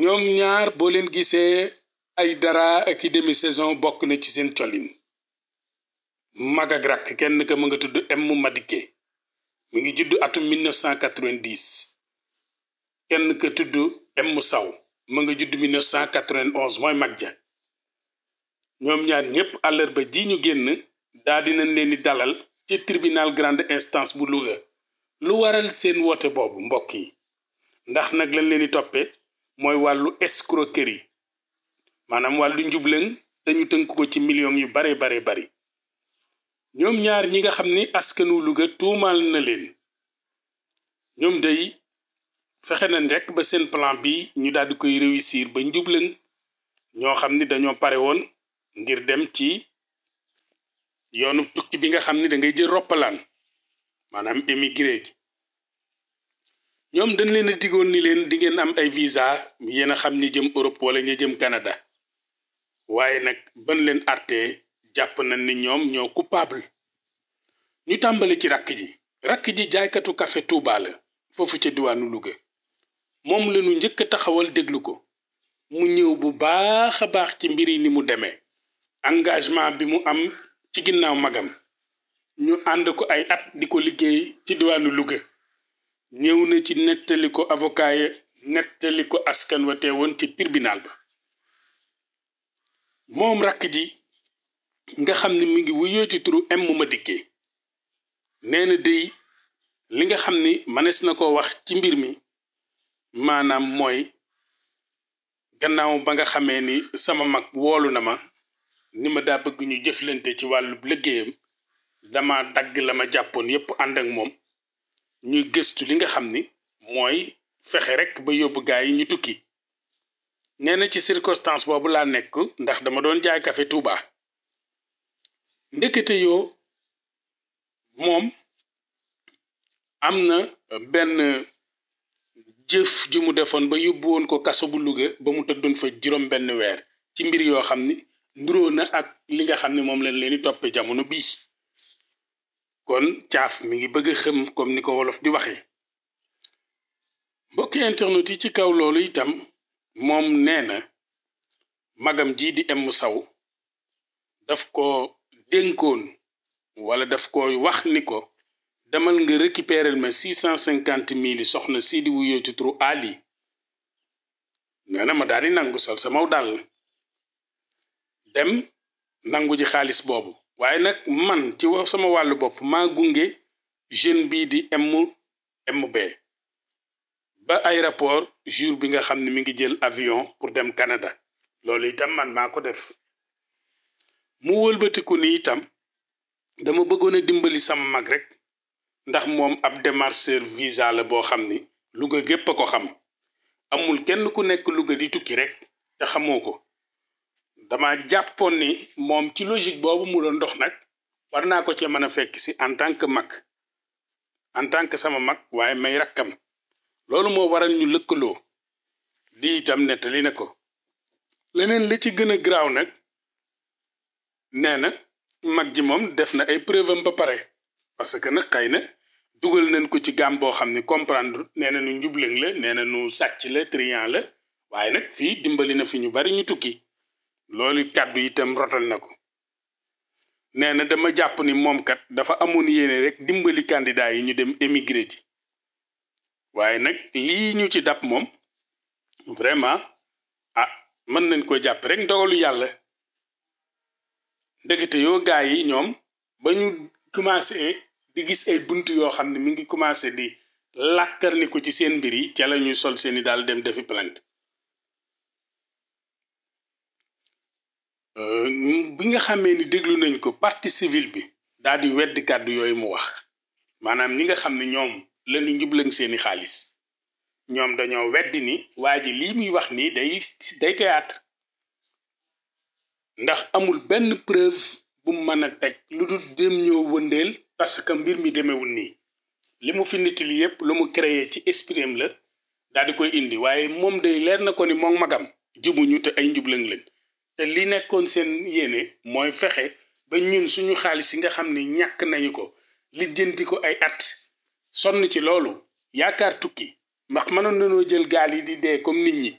ñoom ñaar boo leen gisee ay dara ak demi saison bokk na ci seen colin mag ak kenn ka mu nga tudd M madike mu ngi judd atum 1990 kenn ka tudd M Saw mu nga judd 1991 mooy mag ja ñoom ñaar ñépp àllarba ji ñu génn di dinañ leen di dalal ci tirbinal grande instance bu Louga lu waral seen woote boobu mbokk yi ndax nag lañ leen di toppee mooy wàllu escroquerie maanaam wàllu njublaŋ te ñu tënk ko ci million yu bare bare bari ñoom ñaar ñi nga xam ni askanu Louga tuumaal na leen ñoom day fexe na ndekk ba seen plan bi ñu daal di koy réussir ba njublaŋ ñoo xam ni dañoo pare woon ngir dem ci yoonu tukki bi nga xam ni dangay jël roppalaan maanaam émigré gi ñoom dañ leen a digoon ni leen di ngeen am ay visa yéen a xam ñi jëm Europe wala ñi jëm Canada waaye nag ban leen artee jàpp nañ ne ñoom ñoo coupable ñu tàmbali ci rakk ji rakk ji jaaykatu café Touba la foofu ci diwaanu Louga moom la njëkk a taxawal déglu ko mu ñëw bu baax baax ci mbir yi ni mu demee engagement bi mu am ci ginnaaw magam ñu ànd ko ay at di ko liggéey ci diwaanu Louga ñëw na ci nettali ko avocat ya ko askan wa woon ci tribunal ba moom rakk ji nga xam ni mu ngi wuyoo ci turu M Madické nee dey li nga xam ni mënees na ko wax ci mbir mi maanaam mooy gannaaw ba nga xamee ni sama mag woolu na ma ni ma daa bëgg ñu jëflante ci wàllu liggéeyam dama dagg la ma jàppoon yépp ànd ak moom ñuy gëstu li nga xam ni mooy fexe rek ba yóbbu gaa yi ñu tukki nee na ci circonstance boobu laa nekk ndax dama doon jaay café Touba ndekete yoo moom am na benn jëf ju mu defoon ba yóbbu woon ko kaso bu Louga ba mu tëddoon fa juróom benn weer ci mbir yoo xam ni nduroo na ak li nga xam ne moom lañ leen di toppee jamono bii kon caaf mi ngi bëgg a xëm comme ni ko wolof di waxe mbokki internet yi ci kaw loolu itam moom nee na magam ji di em saw daf ko dénkoon wala daf ko wax ni ko demal nga récupérer ma six cent cinquante mille soxna si di wuyoo ci turu Ali nee na ma daal di nangu sol samaw dàll dem nangu ji xaalis boobu waaye nag man ci sama wàllu bopp maa gunge jeune bii di MMB ba aéroport jour bi nga xam ni mi ngi jël avion pour dem Canada loolu itam man maa ko def mu wëlbatiku ni itam dama bëggoon a dimbali sama mag rek ndax moom ab démarcheur visa la boo xam ni Louga gépp a ko xam amul kenn ku nekk Louga di tukki rek te xamoo ko dama jàppoon ni moom ci logique boobu mu doon dox nag war naa ko cee mën a fekk si en tant que mag en tant que sama mag waaye may rakkam loolu moo waral ñu lëkkaloo di itam nettali na ko leneen li ci gën a garaaw nag nee na mag ji moom def na ay preuve ba pare parce que nag xëy na dugal nañ ko ci gàm boo xam ne comprendre nee na nu njublang la nee na nu sàcc la triant la waaye nag fii dimbali na fi ñu bari ñu tukki loolu kàddu itam rotal na ko nee na dama jàpp ni moom kat dafa amoon yéene rek dimbali candidat yi ñu dem emigré ji waaye nag lii ñu ci dab moom vraiment ah mën nañ ko jàpp rek ndogalu yàlla ndekete yoo gaa yi ñoom ba ñu commencé di gis ay bunt yoo xam ne mu ngi commencé di ni ko ci seen mbir yi ca la ñuy sol seeni daal dem defi plant Euh, bi nga xamee ni déglu nañ ko partie civile bi daal di weddi kàddu yooyu mu wax maanaam ñi nga xam ne ñoom lañu njublañ seeni xaalis ñoom dañoo weddi ni waa ji lii muy wax nii day day théâtre ndax amul benn preuve bu mën a teg lu dul dem ñoo wëndeel parce que mbir mi demewul nii li mu fi nitti li yépp lu mu créer ci esprit la daal di koy indi waaye moom day leer na ko ni moom magam ñu te ay njublañ lañ te li nekkoon seen yéene mooy fexe ba ñun suñu xaalis yi nga xam ni ñàkk nañu ko lijjanti ko ay at sonn ci loolu yaakaar tukki ndax mënoon nañoo jël gaal yi di dee comme nit ñi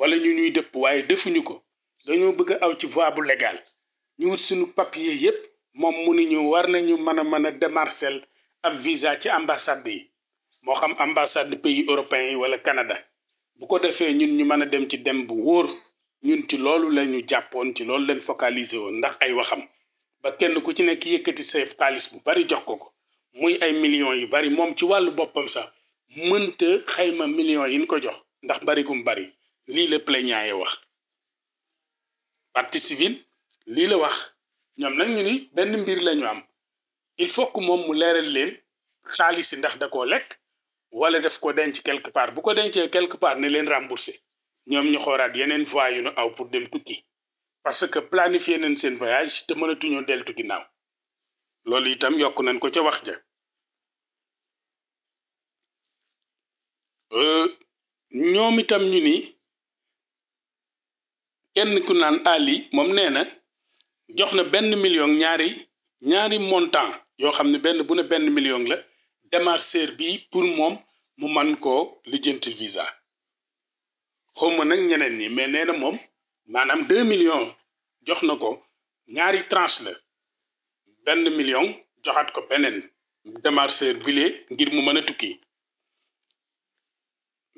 wala ñu ñuy dëpp waaye defuñu ko dañoo bëgg aw ci voie bu légale ñu wut suñu papier yépp moom mu ni ñu war nañu mën a mën a démarcher ab visa ci ambassade yi moo xam ambassade pays européens yi wala kanada bu ko defee ñun ñu mën a dem ci dem bu wóor ñun ci loolu la ñu jàppoon ci loolu lañ focalisé woon ndax ay waxam ba kenn ku ci nekk yëkkati seef xaalis bu bari jox ko ko muy ay millions yu bari moom ci wàllu boppam sax mënta xayma millions yi ñu ko jox ndax bari gum bari lii la plaignant yi wax. partie civile lii la wax ñoom nag ñu ni benn mbir lañu am il faut moom mu leeral leen xaalis yi ndax da ko lekk wala def ko denc quelque part bu ko dencee quelque part ne leen remboursé. ñoom ñu xooraat yeneen voies yu nu aw pour dem tukki parce que planifier nañ seen voyage te mënatuñoo deltu ginnaaw loolu itam yokk nañ ko ca wax ja euh, ñoom itam ñu ni kenn ku naan Ali moom nee na jox na benn million ñaari ñaari montant yoo xam ne benn bu benn million la démarcheur bi pour moom mu man ko lijjanti visa xaw nag ñeneen ñi mais nee na moom maanaam deux million jox na ko ñaari tranche la benn million joxaat ko beneen démarcheur bile ngir mu mën a tukki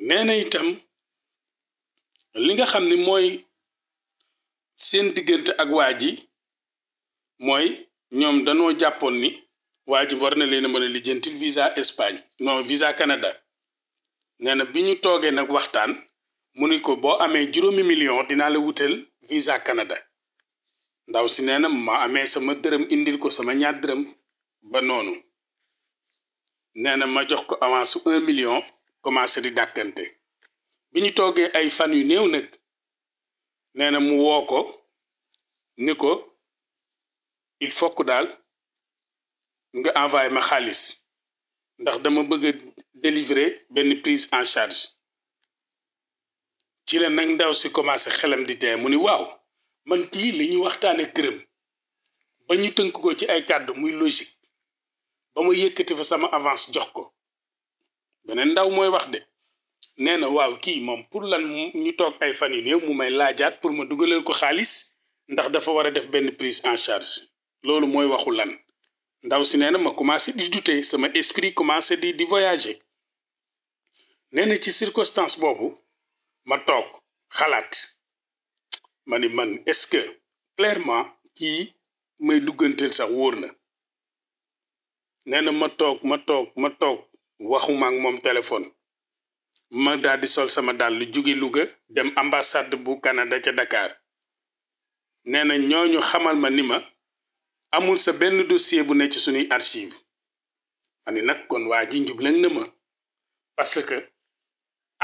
nee na itam li nga xam ni mooy seen diggante ak waa ji mooy ñoom danoo jàppoon ni waa ji war na leen a mën a lijjanti visa Espagne non visa Canada nee na bi ñu toogee nag waxtaan mu ni ko boo amee juróomi million dinaa la wutal visa Canada ndaw si nee na ma amee sama dërëm indil ko sama ñaar dërëm ba noonu nee na ma jox ko avance un million commencé di dàkkante bi ñu toogee ay fan yu néew nag nee na mu woo ko ni ko il faut daal nga envoyé ma xaalis ndax dama bëgg a délivrer benn prise en charge ci la nag ndaw si commencé xelam di tee mu ni waaw man kii li ñuy waxtaane këram ba ñu tënk ko ci ay kàddu muy logique ba mu yëkkati fa sama avance jox ko beneen ndaw mooy wax de nee na waaw kii moom pour lan ñu toog ay fan yu néew mu may laajaat pour ma dugaleel ko xaalis ndax dafa war a def benn prise en charge loolu mooy waxu lan ndaw si nee na ma commencé di douter sama esprit commencé di di voyager nee na ci circonstance boobu ma toog xalaat ma ni man est-ce que clairement kii may dugganteel sax wóor na nee na ma toog ma toog ma toog waxuma moom téléphone ma daldi sol sama dàll jóge Louga dem ambassade bu Canada ca dakaar nee na ñooñu xamal ma ni ma amul sa benn dossier bu ne ci suñuy archive ma nag kon waa ji njubleen na ma parce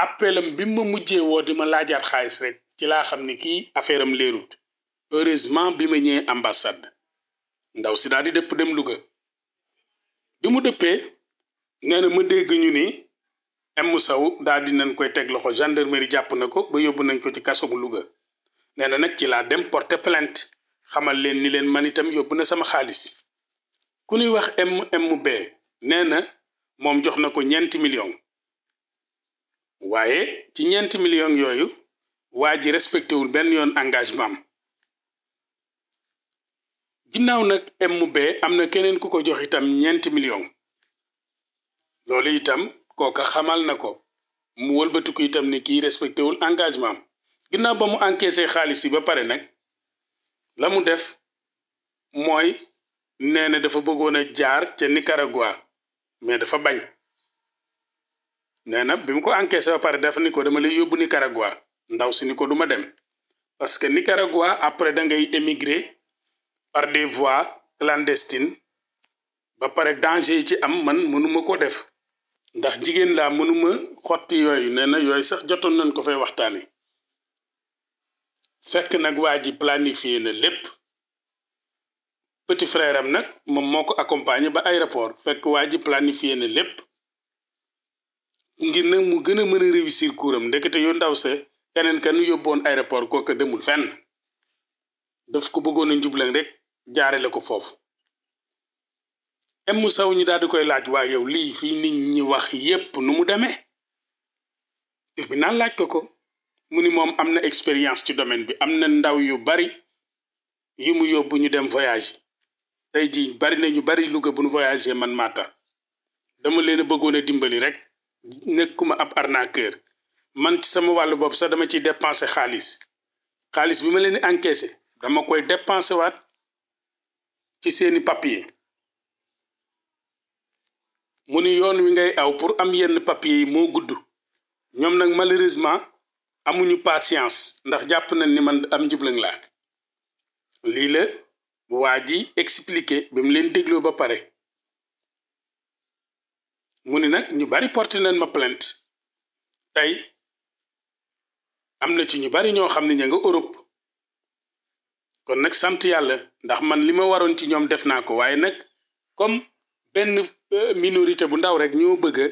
appelam bi ma mujjee woo di ma laajaat xaalis rek ci laa xam ne kii affaire am leerut heureusement bi ma ñëwee ambassade ndaw si daal di dëpp dem Louga bi mu dëppee nee na ma dégg ñu ni M Sow daal di nañ koy teg loxo gendarmerie jàpp na ko ba yóbbu nañ ko ci kaso bu Louga nee na nag ci laa dem porter plainte xamal leen ni leen man itam yóbbu na sama xaalis ku nuy wax MMB nee na moom jox na ko ñeenti millions waaye ci ñeenti millions yooyu waa ji respecté wul benn yoon engagement am ginnaaw nag MB am na keneen ku ko jox itam ñeenti million loolu itam kooka xamal na ko mu wëlbatiku itam ni kii respecté wul engagement am ginnaaw ba mu encaissé xaalis yi ba pare nag la mu def mooy nee na dafa bëggoon a jaar ca Nicaragua mais dafa bañ. nee na bi mu ko encaissé ba pare def ni ko dama lay yóbbu Nicaragua ndaw si ni ko du dem parce que Nicaragua après da ngay émigrer par des voies clandestines ba pare danger yi ci am man mënuma ko def ndax jigéen laa mënuma xotti yooyu nee na yooyu sax jotoon nañ ko fay waxtaane fekk nag waa ji planifié na lépp petit frère am nag moom moo ko accompagné ba aéroport fekk waa ji planifié na lépp ngir nag mu gën a mën a réussir kuuram ndekete yu ndaw sa keneen kanu yóbboon aéroport kooka demul fenn daf ko bëggoon a njublan rek jaare ko foofu mu saw ñu daal di koy laaj waa yow lii fii nit ñi wax yépp nu mu demee bi tribunal laaj ko ko mu ni moom am na expérience ci domaine bi am na ndaw yu bari yu mu yóbbu ñu dem voyage tey jii bari ne ñu bari Louga bu nu voyagé man maata dama leen a bëggoon a dimbali rek nekkuma ab arnaqueur man ci sama wàllu bopp sa dama ciy dépensé xaalis xaalis bi ma leen di dama koy dépensé waat ci seeni papier mu ni yoon wi ngay aw pour am yenn papier yi moo gudd ñoom nag malheureusement amuñu patience ndax jàpp nañ ni man am njublaŋ laa lii la waa ji expliqué ba mu leen dégloo ba pare mu ni nag ñu bari porté nañ ma plainte tey am na ci ñu bari ñoo xam ne ña nga Europe kon nag sant yàlla ndax man li ma waroon ci ñoom def naa ko waaye nag comme benn euh, minorité bu ndaw rek ñoo bëgg a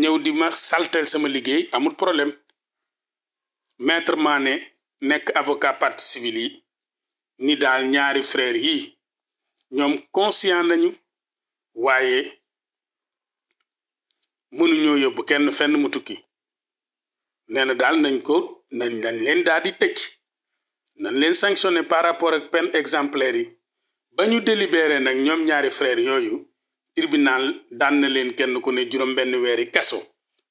ñëw di ma saltel sama liggéey amul problème maître Mané nekk avocat partie civile yi ni daal ñaari frère yi ñoom conscient nañu waaye mënuñoo yóbbu kenn fenn mu tukki nee na daal nañ ko nañ nañ leen daal di tëj nañ leen sanctionné par rapport ak peine exemplaire yi ba ñu délibéré nag ñoom ñaari frère yooyu tribunal daan na leen kenn ku ne juróom benn weeri kaso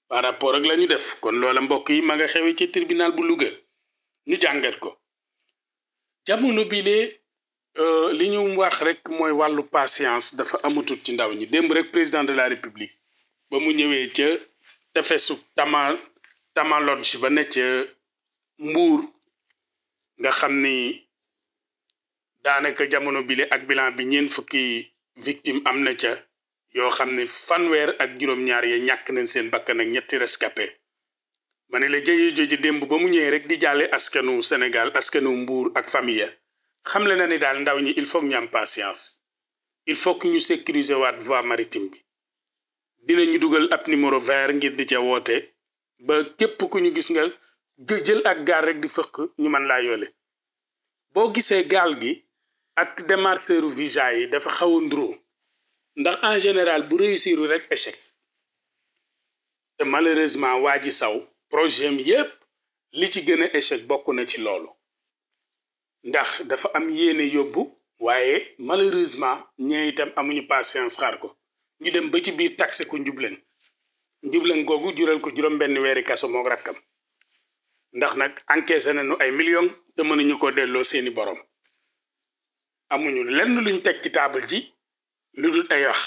par rapport ak la ñu def kon loola mbokk yi ma nga xewee ci tribunal bu Louga ñu jàngat ko jamono bi lee euh, li ñu wax rek mooy wàllu patience dafa amatul ci ndaw ñi démb rek président de la république ba mu ñëwee ca tefesu tama tamalon si ba ne ca mbuur nga xam ni daanaka jamono bile ak bilan bi ñeen fukki victime am na ca yoo xam ne fanweer ak juróom-ñaar ya ñàkk nañ seen bakkan ak ñetti rescapé ma ne la jëye joji démb ba mu ñëwee rek di jàlle askanu Sénégal askanu mbuur ak famille xam le na ni daal ndaw ñi il faut ñu am il faut que ñu sécuriser waat voie maritime bi ñu dugal ab numéro vert ngir di ca woote ba képp ku ñu gis nga jël ak gaal rek di fëq ñu man laa yoole boo gisee gaal gi ak démarcheuru visa yi dafa xaw a nduroo ndax en général bu réussir rek échec te malheureusement waa ji saw projet mi yépp li ci gën a échec bokk na ci loolu ndax dafa am yéene yóbbu waaye malheureusement ñee itam amuñu patience xar ko ñu dem ba ci biir taxe ko njubleen njubleen googu jural ko juróom-benn weeri kaso moog rakkam ndax nag encaissé nañu ay millions te mënuñu ko delloo seeni borom amuñu lenn luñ teg ci taabal ji lu dul ay wax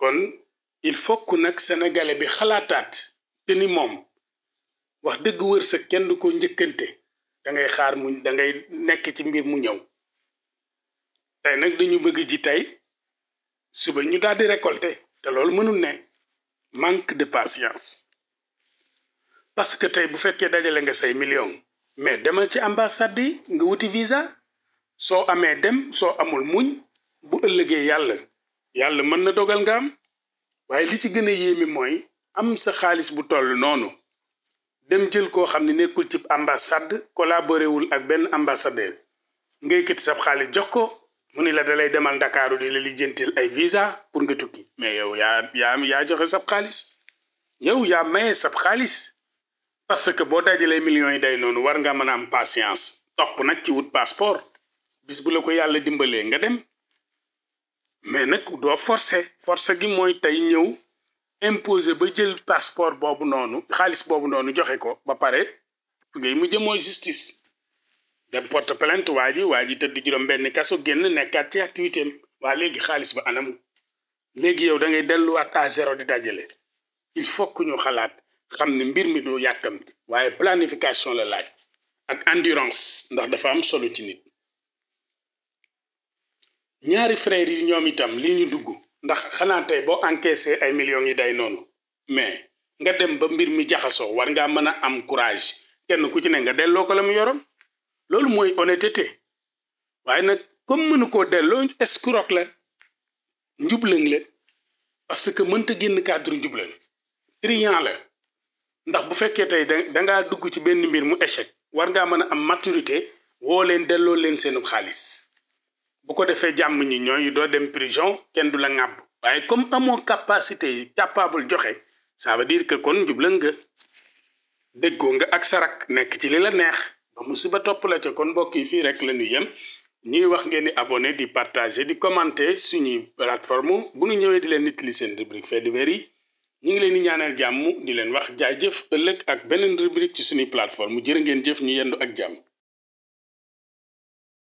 kon il faut que nag senegale bi xalaataat te ni moom wax dëgg wërsëg kenn du ko njëkkante dangay xaar mu dangay nekk ci mbir mu ñëw tey nag dañu bëgg ji tey suba ñu daal di récolter te loolu mënul ne manque de patience parce que tey bu fekkee dajale nga say million mais demal ci ambassade yi nga wuti visa soo amee dem soo amul muñ bu ëllëgee yàlla yàlla mën na dogal nga am waaye li ci gën a yéeme mooy am sa xaalis bu toll noonu dem jël koo xam ne nekkul ci ambassade collaboré wul ak benn ambassadeur ngay yëkkati sa xaalis jox ko mu ni la da lay demal Ndakaaru di la lijjantil ay visa pour nga tukki mais yow yaa yaa yaa joxe sab xaalis yow yaa maye sab xaalis parce que boo dajalee millions yi day noonu war nga mën a am patience topp nag ci wut passeport bis bu la ko yàlla dimbalee nga dem mais nag doo forcer force gi mooy tey ñëw imposer ba jël passeport boobu noonu xaalis boobu noonu joxe ko ba pare ngay mujj mooy justice dem porte plainte waa ji waa ji tëdd juróom benn kaso génn nekkaat ci activité am waa léegi xaalis ba anam léegi yow da ngay delluwaat à zéro di dajale il faut ñu xalaat xam ne mbir mi du yàkkamti waaye planification la laaj ak endurance ndax dafa am solo ci nit ñaari frères yi ñoom itam li ñu dugg ndax xanaa tey boo encaissé ay millions yi day noonu mais nga dem ba mbir mi jaxasoo war ngaa mën a am courage kenn ku ci ne nga delloo ko la mu yoroon loolu mooy honnêteté waaye nag comme mënu koo delloo escroc la njublañ la parce que mënta génn cadre njublañ triant la ndax bu fekkee tey da ngaa dugg ci benn mbir mu échec war ngaa mën a am maturité woo leen delloo leen seenu xaalis bu ko defee jàmm ñi ñooy doo dem prison kenn du la ŋàbb waaye comme amoo capacité yi capable joxe ça veut dire que kon njublañ nga déggoo nga ak sarak nekk ci li la neex ba musiba topp la ca kon mbokk yi fii rek la ñu yem ñuy wax ngeen di abonné di partager di commenter suñuy plateforme bu nu ñëwee di leen li seen rubrique faits divers yi ñu ngi leen di ñaanal jàmm di leen wax jaajëf ëllëg ak beneen rubrique ci suñuy plateforme jër ngeen jëf ñu yendu ak jàmm.